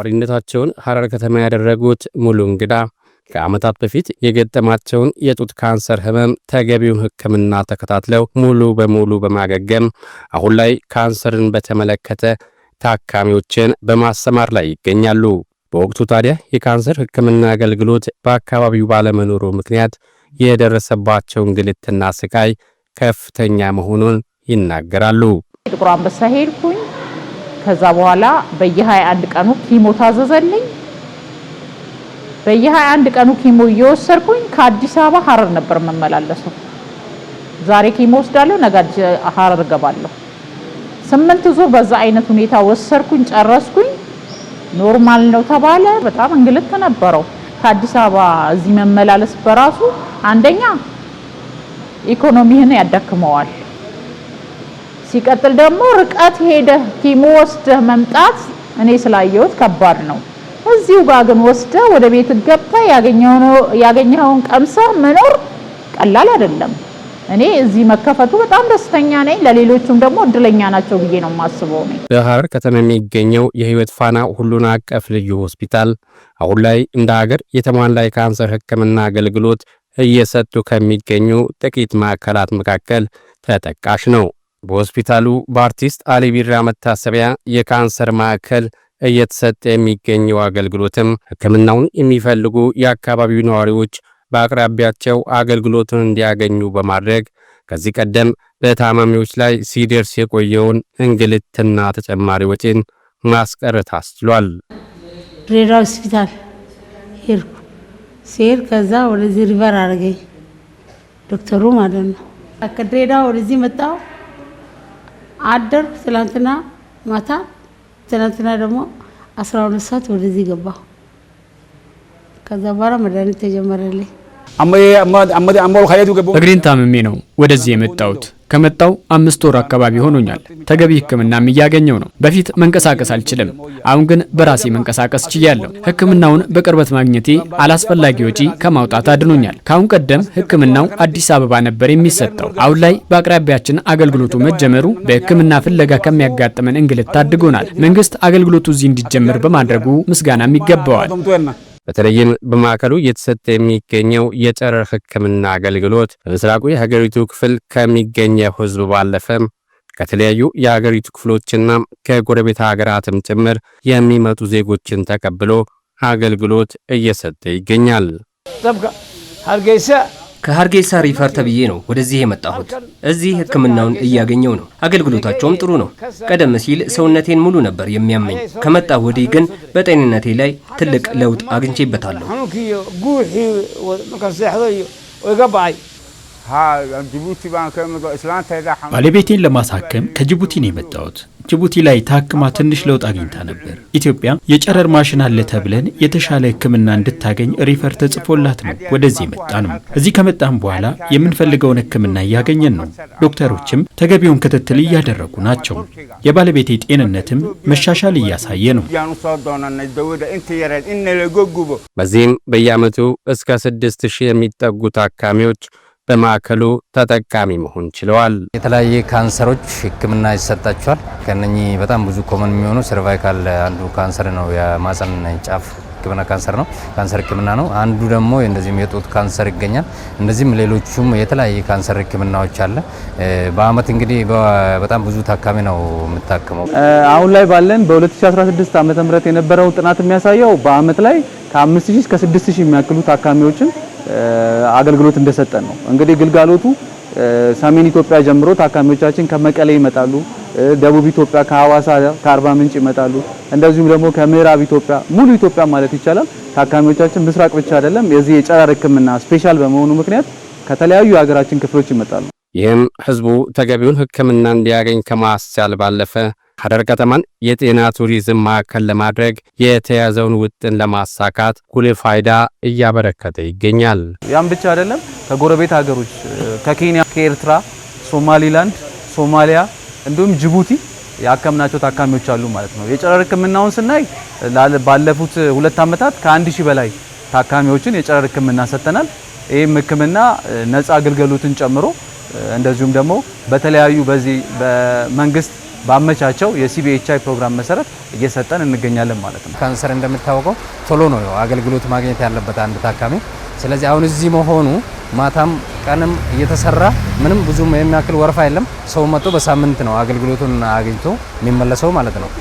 ነዋሪነታቸውን ሐረር ከተማ ያደረጉት ሙሉ እንግዳ ከዓመታት በፊት የገጠማቸውን የጡት ካንሰር ህመም ተገቢውን ሕክምና ተከታትለው ሙሉ በሙሉ በማገገም አሁን ላይ ካንሰርን በተመለከተ ታካሚዎችን በማሰማር ላይ ይገኛሉ። በወቅቱ ታዲያ የካንሰር ሕክምና አገልግሎት በአካባቢው ባለመኖሩ ምክንያት የደረሰባቸውን እንግልትና ስቃይ ከፍተኛ መሆኑን ይናገራሉ። ጥቁር አንበሳ ሄድኩኝ ከዛ በኋላ በየ21 ቀኑ ኪሞ ታዘዘልኝ። በየ21 ቀኑ ኪሞ እየወሰድኩኝ ከአዲስ አበባ ሀረር ነበር የምመላለሰው። ዛሬ ኪሞ ወስዳለሁ፣ ነገ ሀረር ገባለሁ። ስምንት ዙር በዛ አይነት ሁኔታ ወሰድኩኝ፣ ጨረስኩኝ። ኖርማል ነው ተባለ። በጣም እንግልት ነበረው። ከአዲስ አበባ እዚህ መመላለስ በራሱ አንደኛ ኢኮኖሚህን ያዳክመዋል። ሲቀጥል ደግሞ ርቀት ሄደህ ኪሞ ወስደህ መምጣት እኔ ስላየሁት ከባድ ነው። እዚሁ ጋር ግን ወስደህ ወደ ቤት ገብተህ ያገኘኸውን ቀምሰህ መኖር ቀላል አይደለም። እኔ እዚህ መከፈቱ በጣም ደስተኛ ነኝ። ለሌሎቹም ደግሞ እድለኛ ናቸው ብዬ ነው የማስበው። ነኝ በሐረር ከተማ የሚገኘው የህይወት ፋና ሁሉን አቀፍ ልዩ ሆስፒታል አሁን ላይ እንደ ሀገር የተሟላ የካንሰር ሕክምና አገልግሎት እየሰጡ ከሚገኙ ጥቂት ማዕከላት መካከል ተጠቃሽ ነው። በሆስፒታሉ በአርቲስት አሊ ቢራ መታሰቢያ የካንሰር ማዕከል እየተሰጠ የሚገኘው አገልግሎትም ሕክምናውን የሚፈልጉ የአካባቢው ነዋሪዎች በአቅራቢያቸው አገልግሎቱን እንዲያገኙ በማድረግ ከዚህ ቀደም በታማሚዎች ላይ ሲደርስ የቆየውን እንግልትና ተጨማሪ ወጪን ማስቀረት አስችሏል። ድሬዳ ሆስፒታል ሄድኩ። ሲሄድ ከዛ ወደዚህ ሪቨር አድርገኝ ዶክተሩ ማለት ነው። ከድሬዳ ወደዚህ መጣው አደር ትላንትና ማታ ትናንትና ደግሞ አስራ ሁለት ሰዓት ወደዚህ ገባሁ። ከዛ በኋላ መድኃኒት ተጀመረልኝ። እግሬን ታምሜ ነው ወደዚህ የመጣሁት። ከመጣው አምስት ወር አካባቢ ሆኖኛል። ተገቢ ሕክምናም እያገኘው ነው። በፊት መንቀሳቀስ አልችልም። አሁን ግን በራሴ መንቀሳቀስ ችያለሁ። ሕክምናውን በቅርበት ማግኘቴ አላስፈላጊ ወጪ ከማውጣት አድኖኛል። ከአሁን ቀደም ሕክምናው አዲስ አበባ ነበር የሚሰጠው። አሁን ላይ በአቅራቢያችን አገልግሎቱ መጀመሩ በሕክምና ፍለጋ ከሚያጋጥመን እንግልት ታድጎናል። መንግስት አገልግሎቱ እዚህ እንዲጀምር በማድረጉ ምስጋናም ይገባዋል። በተለይም በማዕከሉ እየተሰጠ የሚገኘው የጨረር ሕክምና አገልግሎት በምስራቁ የሀገሪቱ ክፍል ከሚገኘው ሕዝብ ባለፈም ከተለያዩ የሀገሪቱ ክፍሎችና ከጎረቤት ሀገራትም ጭምር የሚመጡ ዜጎችን ተቀብሎ አገልግሎት እየሰጠ ይገኛል። ከሀርጌሳ ሪፈር ተብዬ ነው ወደዚህ የመጣሁት። እዚህ ሕክምናውን እያገኘው ነው። አገልግሎታቸውም ጥሩ ነው። ቀደም ሲል ሰውነቴን ሙሉ ነበር የሚያመኝ። ከመጣ ወዲህ ግን በጤንነቴ ላይ ትልቅ ለውጥ አግኝቼበታለሁ። ባለቤቴን ለማሳከም ከጅቡቲ ነው የመጣሁት። ጅቡቲ ላይ ታክማ ትንሽ ለውጥ አግኝታ ነበር። ኢትዮጵያ የጨረር ማሽን አለ ተብለን የተሻለ ሕክምና እንድታገኝ ሪፈር ተጽፎላት ነው ወደዚህ የመጣ ነው። እዚህ ከመጣም በኋላ የምንፈልገውን ሕክምና እያገኘን ነው። ዶክተሮችም ተገቢውን ክትትል እያደረጉ ናቸው። የባለቤቴ ጤንነትም መሻሻል እያሳየ ነው። በዚህም በየዓመቱ እስከ ስድስት ሺህ የሚጠጉ ታካሚዎች በማዕከሉ ተጠቃሚ መሆን ችለዋል። የተለያየ ካንሰሮች ህክምና ይሰጣቸዋል። ከነኚህ በጣም ብዙ ኮመን የሚሆኑ ሰርቫይካል አንዱ ካንሰር ነው። የማፀን ጫፍ ህክምና ካንሰር ነው፣ ካንሰር ህክምና ነው። አንዱ ደግሞ እንደዚህም የጡት ካንሰር ይገኛል። እንደዚህም ሌሎቹም የተለያየ ካንሰር ህክምናዎች አለ። በአመት እንግዲህ በጣም ብዙ ታካሚ ነው የምታክመው። አሁን ላይ ባለን በ2016 ዓ.ም የነበረው ጥናት የሚያሳየው በአመት ላይ ከ5000 እስከ 6000 የሚያክሉ ታካሚዎችን አገልግሎት እንደሰጠን ነው። እንግዲህ ግልጋሎቱ ሰሜን ኢትዮጵያ ጀምሮ ታካሚዎቻችን ከመቀሌ ይመጣሉ። ደቡብ ኢትዮጵያ ከሐዋሳ ከአርባ ምንጭ ይመጣሉ። እንደዚሁም ደግሞ ከምዕራብ ኢትዮጵያ ሙሉ ኢትዮጵያ ማለት ይቻላል ታካሚዎቻችን ምስራቅ ብቻ አይደለም። የዚህ የጨረር ሕክምና ስፔሻል በመሆኑ ምክንያት ከተለያዩ የሀገራችን ክፍሎች ይመጣሉ። ይህም ህዝቡ ተገቢውን ሕክምና እንዲያገኝ ከማስቻል ባለፈ ሐረር ከተማን የጤና ቱሪዝም ማዕከል ለማድረግ የተያዘውን ውጥን ለማሳካት ጉልህ ፋይዳ እያበረከተ ይገኛል። ያም ብቻ አይደለም። ከጎረቤት ሀገሮች ከኬንያ፣ ከኤርትራ፣ ሶማሊላንድ፣ ሶማሊያ እንዲሁም ጅቡቲ ያከምናቸው ታካሚዎች አሉ ማለት ነው። የጨረር ሕክምናውን ስናይ ባለፉት ሁለት ዓመታት ከአንድ ሺህ በላይ ታካሚዎችን የጨረር ሕክምና ሰጥተናል። ይህም ሕክምና ነፃ አገልግሎትን ጨምሮ እንደዚሁም ደግሞ በተለያዩ በዚህ በመንግስት ባመቻቸው የሲቢኤችአይ ፕሮግራም መሰረት እየሰጠን እንገኛለን ማለት ነው። ካንሰር እንደምታወቀው ቶሎ ነው አገልግሎት ማግኘት ያለበት አንድ ታካሚ። ስለዚህ አሁን እዚህ መሆኑ ማታም ቀንም እየተሰራ ምንም ብዙም የሚያክል ወረፋ የለም። ሰው መጥቶ በሳምንት ነው አገልግሎቱን አግኝቶ የሚመለሰው ማለት ነው።